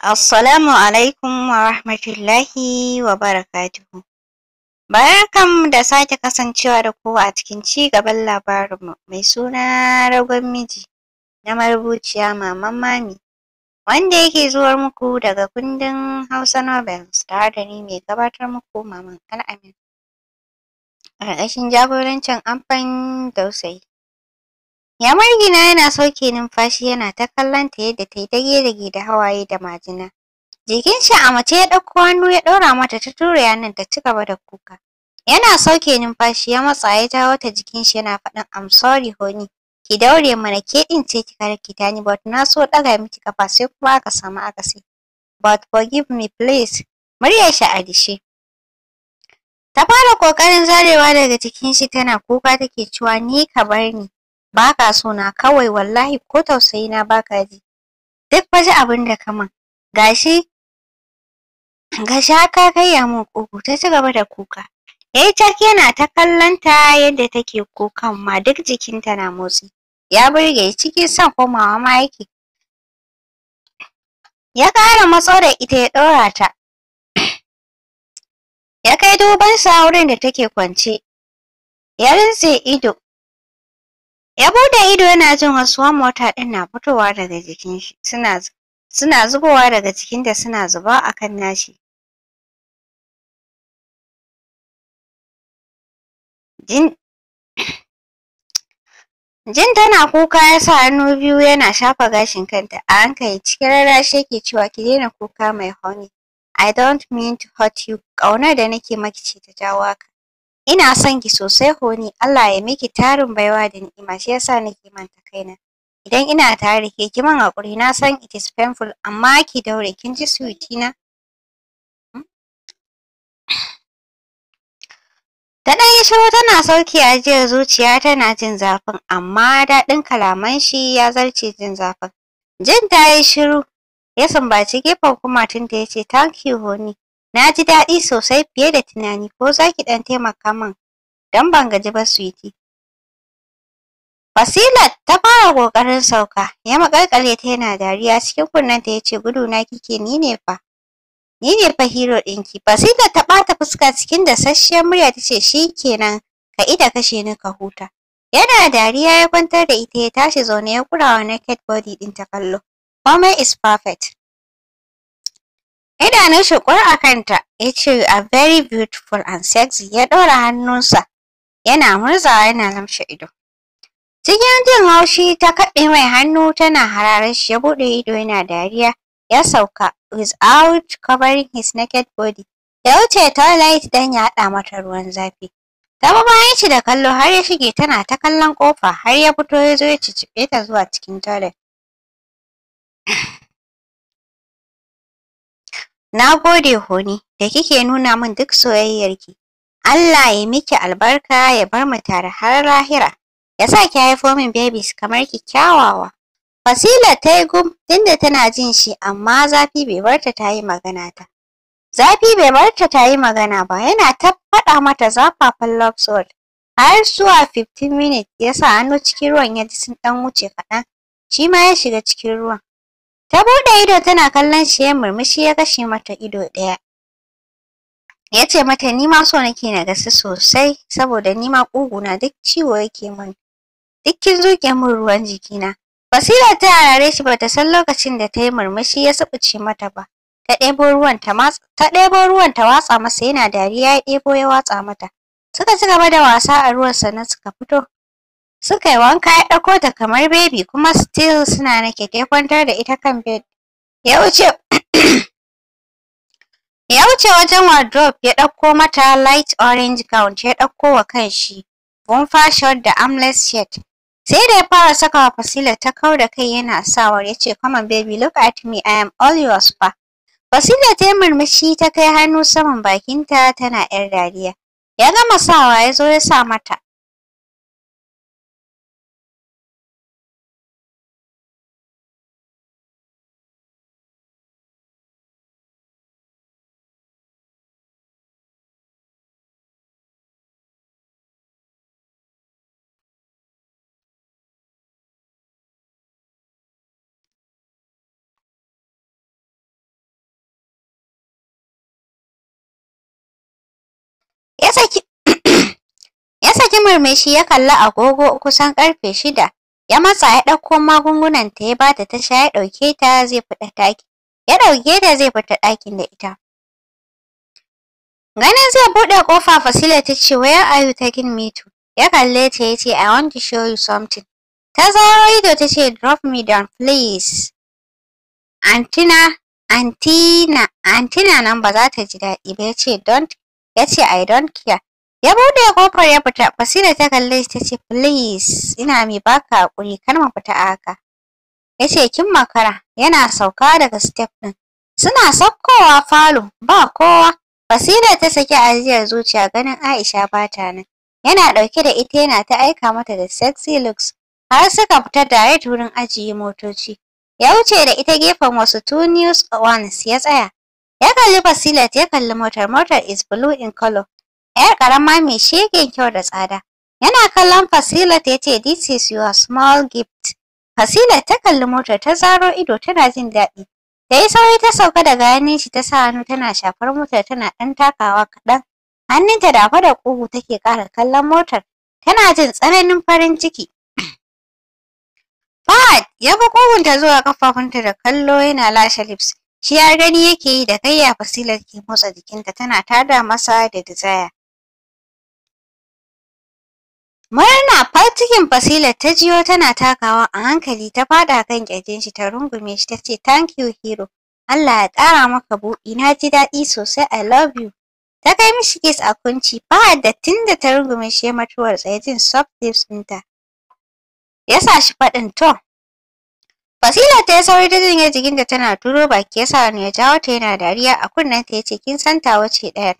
Assalamu alaikum wa rahmatullahi wa barakatuhu. Barakam da sake kasancewa da kowa a cikin ci gaban labarinmu mai suna ragon miji na marubuciya Maman Mami wanda yake zuwar muku daga kundin Hausa Novels tare da ni mai gabatar muku Maman Al'amin. Ƙarƙashin jagorancin Amfan Dausayi. yamargina yana sauke numfashi yana ta kallon ta yadda ta yi dage-dage da hawaye da majina. Jikin shi a mace ya ɗauko hannu ya ɗaura mata ta tura yanin ta ci gaba da kuka. Yana sauke numfashi ya matsa ya jawo ta jikin shi yana faɗin I'm sorry honey. Ki daure mana ke ɗin ce kika rikita ni but na so ɗaga miki kafa sai kuma aka samu akasi. But forgive me please. Muryar shi a dishe. Ta fara ƙoƙarin zarewa daga cikin shi tana kuka take cewa ni ka bar ni. baka ka so na kawai wallahi ko tausayi na baka ji duk ji abin da ka gashi gashi haka kai ya mun kuku ta ci gaba da kuka yayi tak yana ta kallonta yadda take kukan ma duk ta na motsi ya burge cikin son komawa ma yake ya kara matso da ita ya daura ta ya kai duban sa wurin da take kwance ya rintse ido ya bude ido yana jin wasu mota din na fitowa daga jikin shi suna suna zubowa daga cikin da suna zuba akan nashi jin jin tana kuka yasa hannu biyu yana shafa gashin kanta a hankali cikin rarrashi yake cewa ki daina kuka mai honey I don't mean to hurt you ƙaunar da nake maki ce ta jawo haka Ina son ki sosai honi Allah ya miki tarin baiwa da ni'ima, shi yasa nake manta kaina. Idan ina tare da ke, ki man haƙuri, na san it is painful, amma ki daure, kin ji sweetie na? Hmm? Da ɗan yi shiru tana sauki ajiyar zuciya tana jin zafin, amma daɗin kalaman shi ya zarce jin zafin. Jin ta yi shiru, ya sumbaci gefen kuma ta ya ce, Thank you, honey. Na ji daɗi sosai fiye da tunani ko za ki ɗan taimaka min don ban gaji ba ki. Fasilat ta fara ƙoƙarin sauka, ya maƙalƙale ta yana dariya cikin kunnen kunnenta ya ce na kike ni ne fa. Ni ne fa hero ɗinki. Fasilat ta ɓata fuska cikin sasshiyar murya ta ce shi kenan ka ida kashe ni ka huta. Yana dariya ya kwantar da ita ya tashi zaune ya ƙura wa naked body ɗin ta kallo. Komai is perfect. idanun shi shukur a kanta ya ce a very beautiful and sexy ya ɗora hannunsa yana murzawa yana lamshe ido cikin jin haushi ta kaɗe mai hannu tana hararar shi ya buɗe ido yana dariya ya sauka without covering his naked body ya wuce toilet don ya haɗa mata ruwan zafi ta bi bayan shi da kallo har ya shige tana ta kallon ƙofa har ya fito ya zo ya cicciɓe ta zuwa cikin toilet Na gode honi da kike nuna min duk soyayyarki. Allah ya miki albarka ya bar mu tare har lahira. Ya sa ki haifo min babies kamar ki kyawawa. Fasila ta yi gum tunda tana jin shi amma zafi bai barta ta yi magana ta. Zafi bai bar ta yi magana ba yana ta faɗa mata zafafan love sword. Har zuwa 15 minutes ya sa hannu cikin ruwan ya ji sun ɗan wuce kaɗan. Shi ma ya shiga cikin ruwan. Ta buɗe ido tana kallon shi ya murmushi ya kashe mata ido ɗaya. Ya ce mata ni ma so nake na gasu sosai saboda ni ma ƙuguna duk ciwo yake mun. Duk kin zuƙe min ruwan jikina. Basira ta harare shi bata san lokacin da ta yi murmushi ya sabuce mata ba. Ta ɗebo ruwan ta ta ɗebo ruwan ta watsa masa yana dariya ya ɗebo ya watsa mata. Suka ci gaba da wasa a ruwan sannan suka fito. Suka yi wanka ya ɗauko ta kamar bebi kuma still suna na ya kwantar da ita kan bed. Ya wuce wajen wardrobe ya ɗauko mata light orange gown ya ɗauko wa kanshi. Bumper fashion da armless shirt. Sai da ya fara saka wa Fasila ta kau da kai yana sawar ya ce come on baby look at me I am all yours fa. Fasila ta yi murmushi ta kai hannu saman bakinta tana ‘yar dariya. Ya gama sawa ya zo ya sa mata. ya saki murmushi ya kalli agogo kusan karfe shida ya matsa ya ɗauko magungunan ta ya bata ta sha ya ɗauke ta zai fita ɗaki ya dauke ta zai fita ɗakin da ita ganin zai buɗe ƙofa fasila ta ce where are you taking me to ya kalle ta ya ce i want to show you something ta zaro ido ta ce drop me down please antina antina antina nan ba za ta ji daɗi ba ya ce don't ya ce I don't care. Ya bude, kofar ya fita, Basira ta kalle shi tace please ina mai baka haƙuri kar ma fita haka. Ya kin makara yana sauka daga step ɗin. Suna saukowa falo ba kowa. Basira ta saki ajiyar zuciya ganin Aisha ba ta nan. Yana ɗauke da ita yana ta aika mata da sexy looks har suka fita direct turin ajiye motoci. Ya wuce da ita gefen wasu two news ones ya tsaya. Ya kalli Fasilat ya kalli motar motar is blue in color. Yar karama mai shegen kyau da tsada. Yana kallon Fasilat ya ce this is your small gift. Fasilat ta kalli motar ta zaro ido tana jin daɗi. ta yi sauri ta sauka daga hannun shi ta sa hannu tana shafar motar tana ɗan takawa kaɗan. Hannunta da da ƙugu take ƙara kallon motar. Tana jin tsananin farin ciki. Fahad ya bi ƙugunta zuwa ƙafafunta da kallo yana lashe lips. Shi har gani yake yi da gayya Fasilar ke motsa jikinta tana tada masa da desire. Murna cikin Fasilar ta jiyo tana takawa a hankali ta faɗa kan ƙirjin shi ta rungume shi ta ce thank you hero. Allah ya ƙara maka buɗi na ji daɗi sosai I love you. Ta kai mishi kiss a kunci ba da tunda ta rungume shi ya matuwar tsaye jin soft lips ɗinta. Ya sa shi faɗin to Fasila ta yi sauri ta jikin da tana turo baki ya sa ne ya jawo ta yana dariya a kunnenta ta yace kin san ta wace daya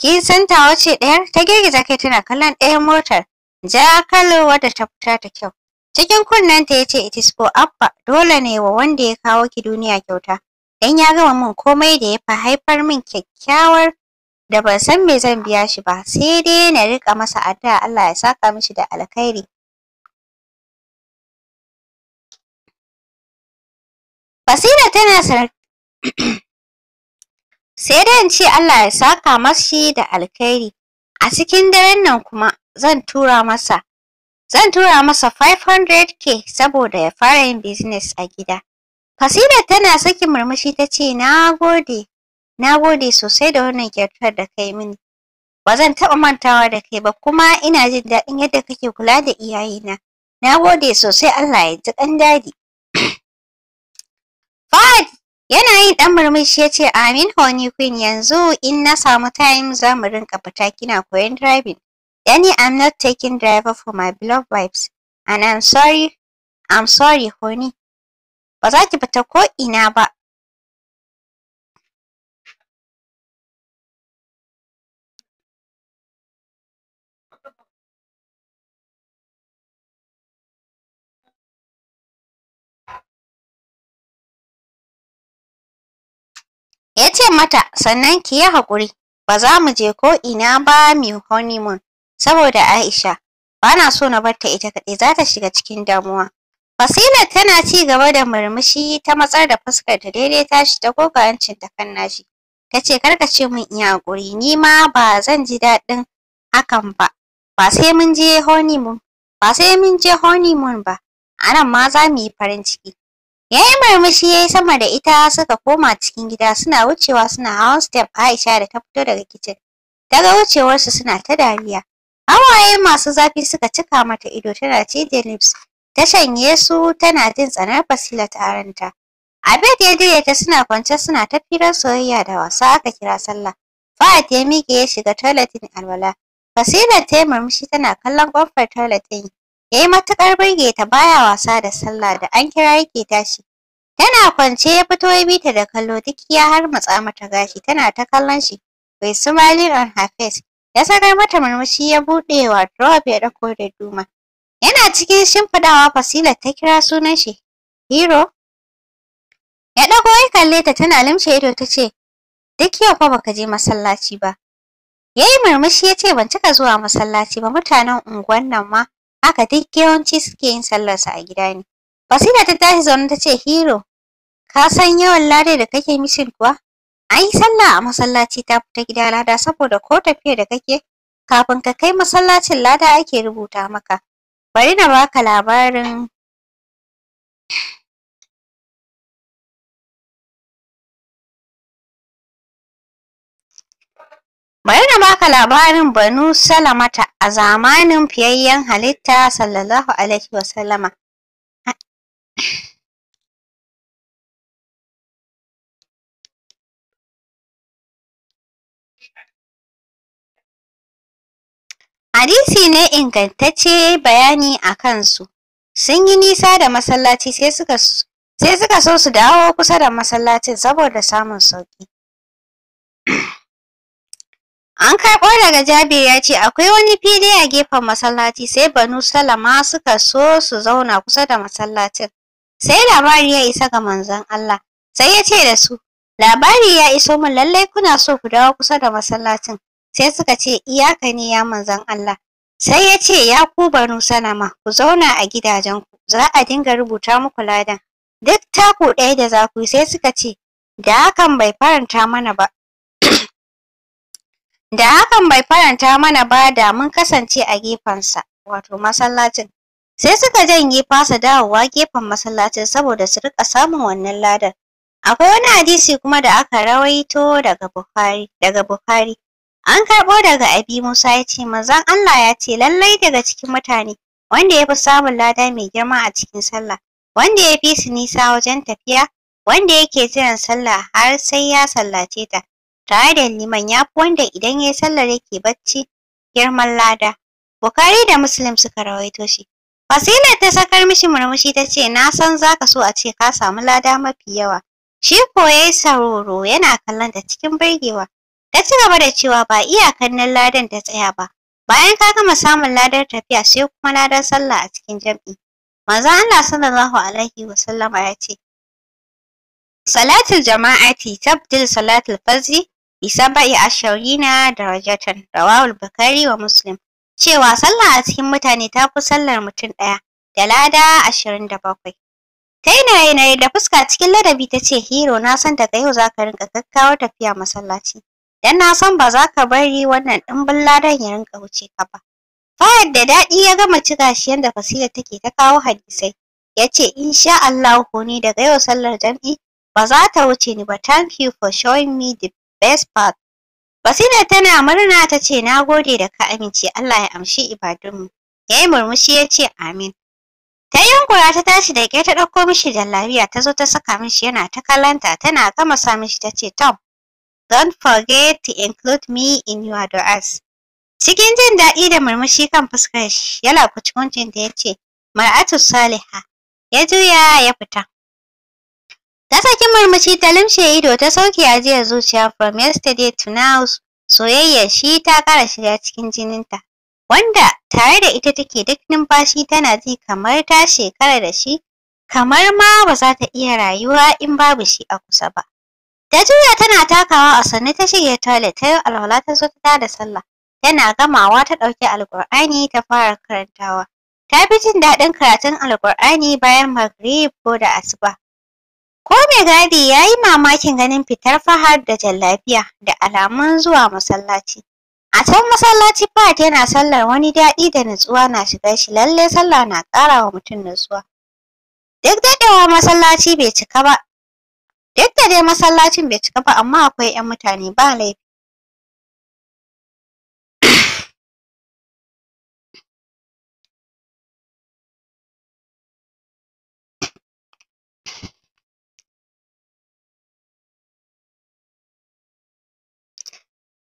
Kin san ta wace daya Ta girgiza kai tana kallon ɗayan motar. Ja kalo wadda ta fita ta kyau. Cikin kunnen ta yace it is for Abba dole ne wa wanda ya kawo ki duniya kyauta. Dan ya gama min komai da ya fa haifar min kyakkyawar da ban san me zan biya shi ba sai dai na rika masa addu'a Allah ya saka mishi da alkhairi Basira tana sai dai in ce Allah ya saka mashi da alkhairi. A cikin daren nan kuma zan tura masa zan tura masa 500k saboda ya fara yin business a gida. Basira tana saki murmushi ta ce na gode sosai da wannan kyautar da kai mini. Ba zan taɓa mantawa da kai ba kuma ina jin daɗin yadda kake kula da iyayena. Na gode sosai Allah ya ji ƙan dadi. Bad! yana yin ɗan murmushi ya ce amin honey queen yanzu in na samu time za mu rinka fita kina koyon driving. Danny I'm not taking driver for my beloved wives and I'm sorry I'm sorry honey. Ba za ki fita ko ina ba ya ce mata sannan ki yi hakuri, ba za mu je ko ina ba mu honeymoon saboda Aisha ba na so na bar ta ita kaɗai za ta shiga cikin damuwa Fasila tana ci gaba da murmushi ta matsar da fuskar ta daidai tashi ta goga hancin ta kan nashi ta ce kar ka ce min iya haƙuri ni ma ba zan ji daɗin hakan ba ba sai mun je honeymoon ba sai mun je honeymoon ba a ma za mu yi farin ciki Ya yi murmushi ya yi sama da ita suka koma cikin gida suna wucewa suna hawan step Aisha da ta fito daga kicin. Daga wucewarsu suna ta dariya. Hawaye masu zafi suka cika mata ido tana cije lips. Ta shanye su tana jin tsanar basila ta aranta. Abed ya dire ta suna kwance suna ta soyayya da wasa aka kira sallah. Fahad ya miƙe ya shiga toilet din alwala. Basila ta yi murmushi tana kallon ƙofar toilet din. ya yi matuƙar burge ta baya wasa da sallah da an kira yake tashi tana kwance ya fito ya bi ta da kallo duk ya matsa mata gashi tana ta kallon shi bai smiling on her face ya sanar mata murmushi ya buɗe wardrobe ya ɗauko da duma yana cikin shimfiɗawa fasila ta kira sunan shi hero ya ɗago ya kalle ta tana limshe ido ta ce duk yau fa baka je masallaci ba ya yi murmushi ya ce ban cika zuwa masallaci ba mutanen unguwan nan ma Haka duk yawanci suke yin sallarsa a gida ne. Basira ta tashi zaune ta ce, Hero, ka san yawan lada da kake mishin kuwa? yi sallah a masallaci ta fita gida lada saboda ko tafiya da kake, kafin ka kai masallacin lada ake rubuta maka. Bari na baka labarin Bari na baka labarin Banu Salamata a zamanin fiyayyen halitta sallallahu alaihi wasallama. Hadisi ne ingantacce bayani a kansu. Sun yi nisa da masallaci sai suka sai suka so su dawo kusa da masallacin saboda samun sauƙi. An karɓo daga Jabir ya ce akwai wani fili a gefen masallaci sai Banu Salama suka so su zauna kusa da masallacin. Sai labari ya isa ga manzon Allah. Sai ya ce da su, labari ya iso mun lallai kuna so ku dawo kusa da masallacin. Sai suka ce iyaka ne ya manzon Allah. Sai ya ce ya ku Banu Salama ku zauna a gidajenku za a dinga rubuta muku ladan. Duk taku ɗaya da za ku yi sai suka ce da hakan bai faranta mana ba da hakan bai faranta mana ba da mun kasance a gefensa wato masallacin sai suka janye fasa dawowa gefen masallacin saboda su rika samun wannan ladan akwai wani hadisi kuma da aka rawaito daga Bukhari daga Bukhari an karɓo daga Abi Musa ya ce manzon Allah ya ce lallai daga cikin mutane wanda ya fi samun lada mai girma a cikin sallah wanda ya fi su nisa wajen tafiya wanda yake jiran sallah har sai ya sallace ta tare da liman ya fi wanda idan ya yi sallar yake bacci girman lada. Bukari da Muslim suka rawaito shi. Fasila ta sakar mishi murmushi ta ce na san za ka so a ce ka samu lada mafi yawa. Shi ko ya yi saroro yana kallon ta cikin burgewa. Ta ci gaba da cewa ba nan ladan ta tsaya ba. Bayan ka gama samun ladar tafiya sai kuma ladar sallah a cikin jam'i. Manzo Allah sallallahu alaihi wa sallama ya ce Salatul jama'ati tabdil salatul fajri bisaba'i ashirina darajatan rawahul bukhari wa muslim cewa sallah a cikin mutane ta fi sallar mutum ɗaya da lada ashirin da bakwai ta yanayi da fuska cikin ladabi ta ce hero na san daga yau za ka rinka gaggawar tafiya masallaci dan na san ba za ka bari wannan ɗimbin ladan ya rinka wuce ka ba fahad da daɗi ya gama cika shi yadda fasila take ta kawo hadisai ya ce insha allahu ni daga yau sallar jam'i ba za ta wuce ni ba thank you for showing me the best part. Basira tana murna ta ce na gode da ka amince Allah ya amshi ibadunmu. Ya yi murmushi ya ce amin. Ta yankura ta tashi da ke ta ɗauko mishi da lafiya ta zo ta saka mishi yana ta kalanta tana gama sa mishi ta ce Tom, don't forget to include me in your du'as. Cikin jin daɗi da murmushi kan fuskar shi, yana da ya ce, Mar'atu Saliha, ya juya ya fita. Ta saki murmushi ta lumshe ido ta sauke ajiyar zuciya from yesterday to now soyayya shi ta ƙara shiga cikin jininta. Wanda tare da ita take duk numfashi tana ji kamar ta shekara da shi, kamar ma ba za ta iya rayuwa in babu shi a kusa ba. Ta juya tana takawa a sannu ta shige toilet ta yi alwala ta zo ta da sallah. Tana gamawa ta ɗauki alƙur'ani ta fara karantawa. Ta fi jin daɗin karatun alƙur'ani bayan magrib ko da asuba. Ko mai gadi ya yi mamakin ganin fitar Fahad da jallabiya da alamun zuwa masallaci. A can masallaci Fahad yana sallar wani daɗi da nutsuwa na shiga shi lallai sallah na ƙara wa mutum nutsuwa. Duk daɗewa masallaci bai cika ba. Duk da dai masallacin bai cika ba amma akwai 'yan mutane ba laifi.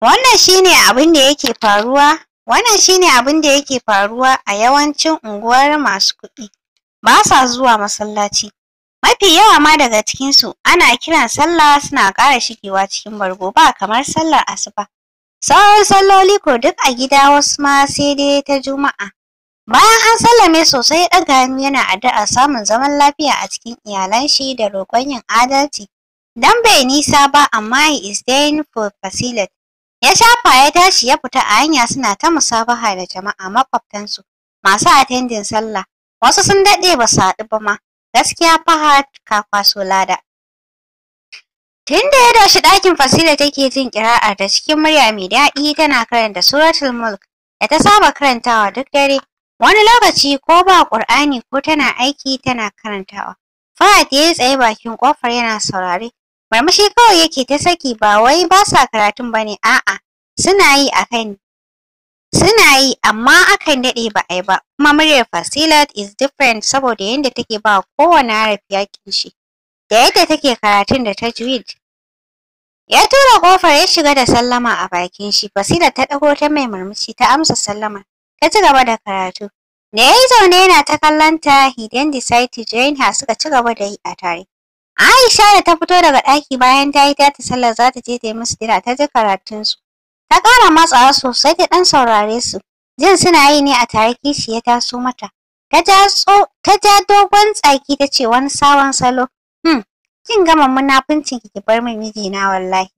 Wannan shine abin da yake faruwa, wannan shine abin da yake faruwa a yawancin unguwar masu kuɗi. Ba sa zuwa masallaci. Mafi yawa ma daga cikinsu ana kiran sallah suna ƙara shigewa cikin bargo ba kamar sallar asuba. Sauran salloli ko duk a gida wasu ma sai dai ta juma'a. Bayan an sallame sosai ɗaga hannu yana addu'a samun zaman lafiya a cikin iyalan shi da roƙon yin adalci. Dan bai nisa ba amma he is for facility. ya shafa ya tashi ya fita a hanya suna ta musabaha da jama'a makwabtansu masu attending sallah wasu sun daɗe ba su haɗu ba ma gaskiya fahad ka kwaso lada tun da ya dashi ɗakin fasila take jin ƙira'ar da cikin murya mai daɗi tana karanta suratul mulk da ta saba karantawa duk dare wani lokaci ko ba ƙur'ani ko tana aiki tana karantawa fahad ya yi tsaye bakin ƙofar yana saurare Marmashi kawai yake ta saki ba wai ba sa karatun ba ne, a'a, suna yi a kan Suna yi amma akan daɗe ba a yi ba, kuma muryar Fasilat is different saboda yadda take ba kowane harafi yakin shi, da yadda take karatun da ta juyid Ya tura kofar ya shiga da sallama a bakin shi, fasila ta ɗago ta mai murmushi ta amsa sallama, ta ci gaba da karatu. Da ya yi zaune yana ta kallon ta, he then decide to join her suka ci gaba da yi a tare. Aisha da ta fito daga ɗaki bayan ta yi ta sallar za ta je ta yi musu dira ta ji karatunsu. Ta ƙara matsawa sosai ta ɗan saurare su. Jin suna yi ne a tare kishi ya taso mata. Ta ja dogon tsaki ta ce wani sabon salo. Hmm, kin gama munafuncin ki bar min mijina wallahi.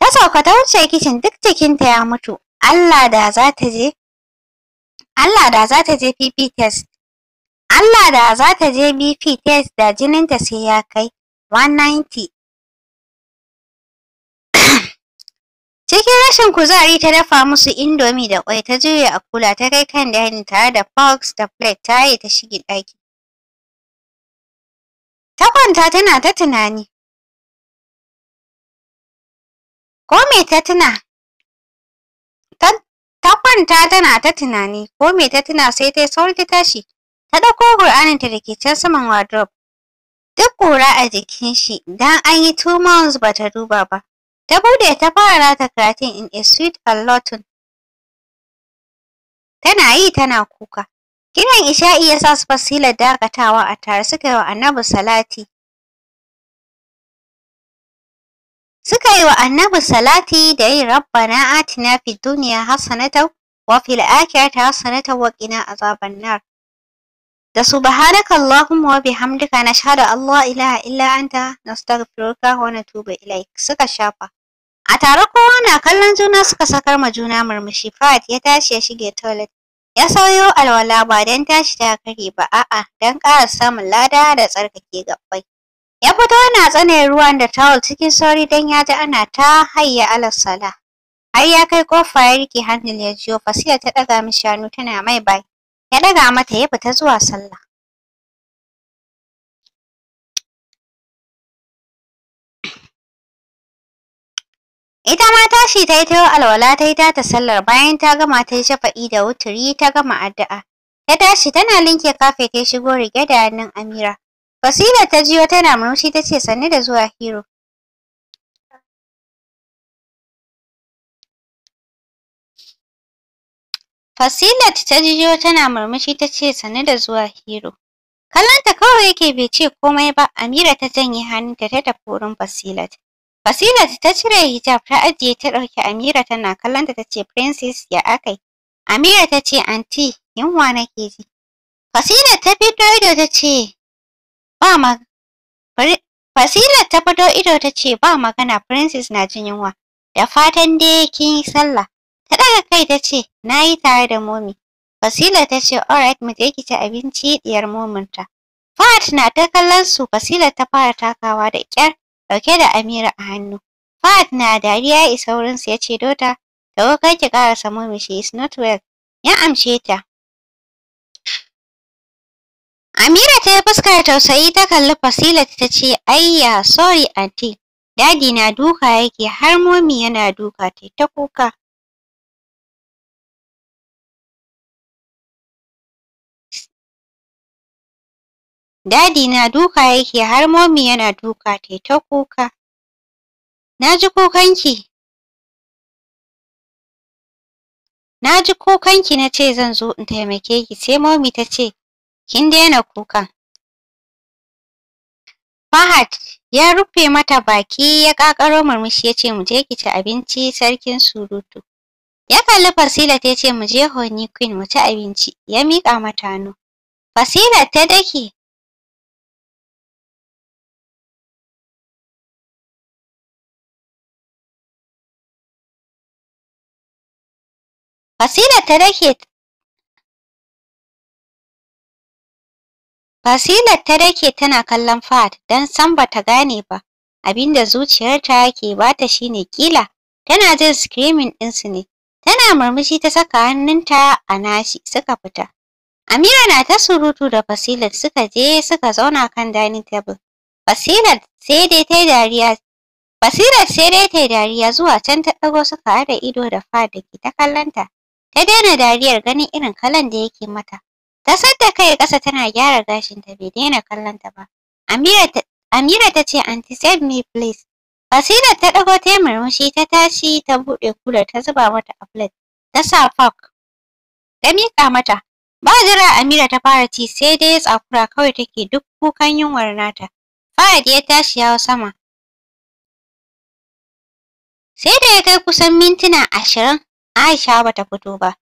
Ta sauka ta wuce kicin duk jikinta ya mutu. Allah da za ta je. Allah da za ta je PP test. Allah da za ta je BP test da jininta sai ya kai 190. Cikin rashin kuzari ta dafa musu indomi da kwai ta juya a kula ta kai kan dining tare da fox da plate yi ta shige ɗaki. Ta kwanta tana ta tunani. Ko me ta tuna? Ta kwanta tana ta tunani, ko me ta tuna sai ta yi sauri ta tashi. ta ɗauko Kur'aninta da ke can saman wardrobe. Duk ƙura a jikin shi don an yi two months ba ta duba ba. Ta bude ta fara rata karatun in a sweet allotun. Tana yi tana kuka. Kiran Isha'i ya sa su fasila dakatawa a tare suka yi wa Annabi salati. Suka yi wa Annabi salati da yin Rabbana atina fi duniya hasanatan wa fil akhirati hasanatan wa qina azaban nar. da subhanaka allahumma wa bihamdika nashhadu an la ilaha illa anta nastaghfiruka wa natubu ilaik suka shafa a tare kowa na kallon juna suka sakar ma juna murmushi Fahad ya tashi ya shige toilet ya sauyo alwala ba dan tashi ta kare ba a'a dan ƙara samun lada da tsarkake gabbai ya fito yana tsane ruwan da tawul cikin sauri dan ya ji ana ta hayya alasala har ya kai kofa ya rike hannun ya jiyo fasiya ta ɗaga mishi hannu tana mai bai ya daga mata ya fita zuwa sallah ita ma tashi ta yi ta yi alwala ta yi ta sallar bayan ta gama ta yi shafa'i da wuturi ta gama addu'a ta tashi tana linke kafe ta shigo riƙe da hannun amira Basira ta jiyo tana murmushi ta ce sannu da zuwa hero. Fasilat ta jiyo tana murmushi ta ce sannu da zuwa hero. Kallonta kawai yake bai ce komai ba, Amira ta janye hannunta ta tafi wurin Fasilat. Fasilat ta cire hijab ta ajiye ta ɗauki Amira tana kallonta ta ce Princess ya akai. Amira ta ce "Aunty, yunwa nake ji. Fasilat ta fito ido ta ce ba ma Fasilat ta fito ido ta ce ba magana Princess na jin yunwa. Da fatan dai kin yi sallah. Ta ɗaga kai ta ce, na yi tare da momi. Fasila ta ce, alright mu je ki ci abinci diyar mominta. Fahad na ta kallon su Fasila ta fara takawa da ƙyar ɗauke da Amira a hannu. Fahad na dariya ya isa wurinsu ya ce, Dota, Da kar ki ƙarasa momi she is not well. Ya amshe ta. Amira ta yi fuskar tausayi ta kalli Fasila ta ce, Ayya, sorry auntie. dadi na duka yake har momi yana duka ta ta kuka. Dadi na duka yake har momi yana duka tai ta kuka. Na ji kukanki. Na na ce zan zo in taimake ki sai momi ta ce kin daina kuka Fahad ya rufe mata baki ya ƙaƙaro murmushi ya ce mu je ki ci abinci sarkin surutu. Ya kalli Fasila ta ce mu je Honey Queen mu ci abinci ya mika mata hannu. Fasila ta dake Fasila ta dake Fasilat ta tana kallon fat don san bata gane ba. Abinda zuciyarta ke bata shine kila tana jin screaming ɗinsu ne. Tana murmushi ta saka hannunta a nashi suka fita. Amira na ta surutu da Fasilat suka je suka zauna kan dining table. Fasilat sai dai ta dariya sai dai ta dariya zuwa can ta ɗago suka haɗa ido da fat da ke ta kallonta. ta daina dariyar ganin irin kalan da yake mata ta sadda kai ƙasa tana gyara gashin ta bai daina kallon ta ba Amira ta ce anti save me please Fasila ta ɗago ta yi murmushi ta tashi ta buɗe kula ta zuba mata a plate ta sa fork ta miƙa mata ba jira Amira ta fara ci sai dai tsakura kawai take duk kukan yunwar nata Fahad ya tashi ya sama sai da ya kai kusan mintuna ashirin Aisha bata fito ba.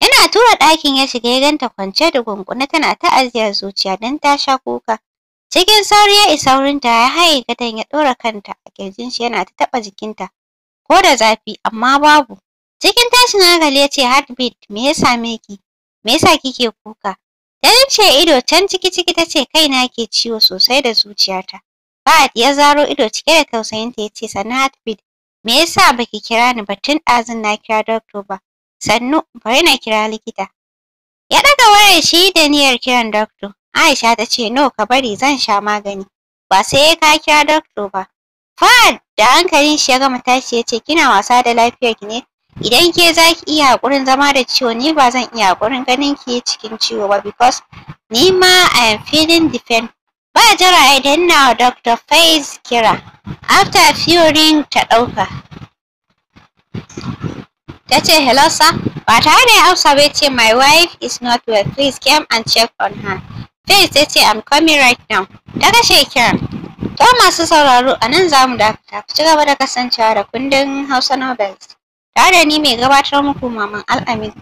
Yana tura ɗakin ya shiga ya ganta kwance da gunguna tana ta'aziyar zuciya don ta sha kuka. Cikin sauri ya isa wurinta ya haye gadon ya ɗora kanta a kirjin shi yana ta taɓa jikinta. Ko da zafi amma babu. Cikin tashin hankali ya ce heartbeat me ya same ki? Me yasa kike kuka? Ta rince ido can ciki ciki ta ce kaina ke ciwo sosai da zuciyata. Fahad ya zaro ido cike da tausayinta ya ce sannan heartbeat me yasa baki kira ni ba tun ɗazun na kira doctor ba sannu bari na kira likita ya ɗaga wayar shi da niyyar kiran doctor Aisha ta ce no ka bari zan sha magani ba sai ka kira doctor ba Fa da hankalin shi ya gama tashi ya ce kina wasa da lafiyar ki ne idan ke za ki iya haƙurin zama da ciwo ni ba zan iya haƙurin ganin ki cikin ciwo ba because ni ma I am feeling different Ba jira idan na Dr. Faiz kira. After a few ring ta ɗauka. Ta ce, hello sir, ba tare da Hausa ba ce my wife is not well, please come and check on her. Faiz ta ce, I'm coming right now. Ta kashe kira. To masu sauraro a nan za mu dakata ku ci gaba da kasancewa da kundin Hausa Novels. Tare da ni mai gabatar muku Maman Al'amin.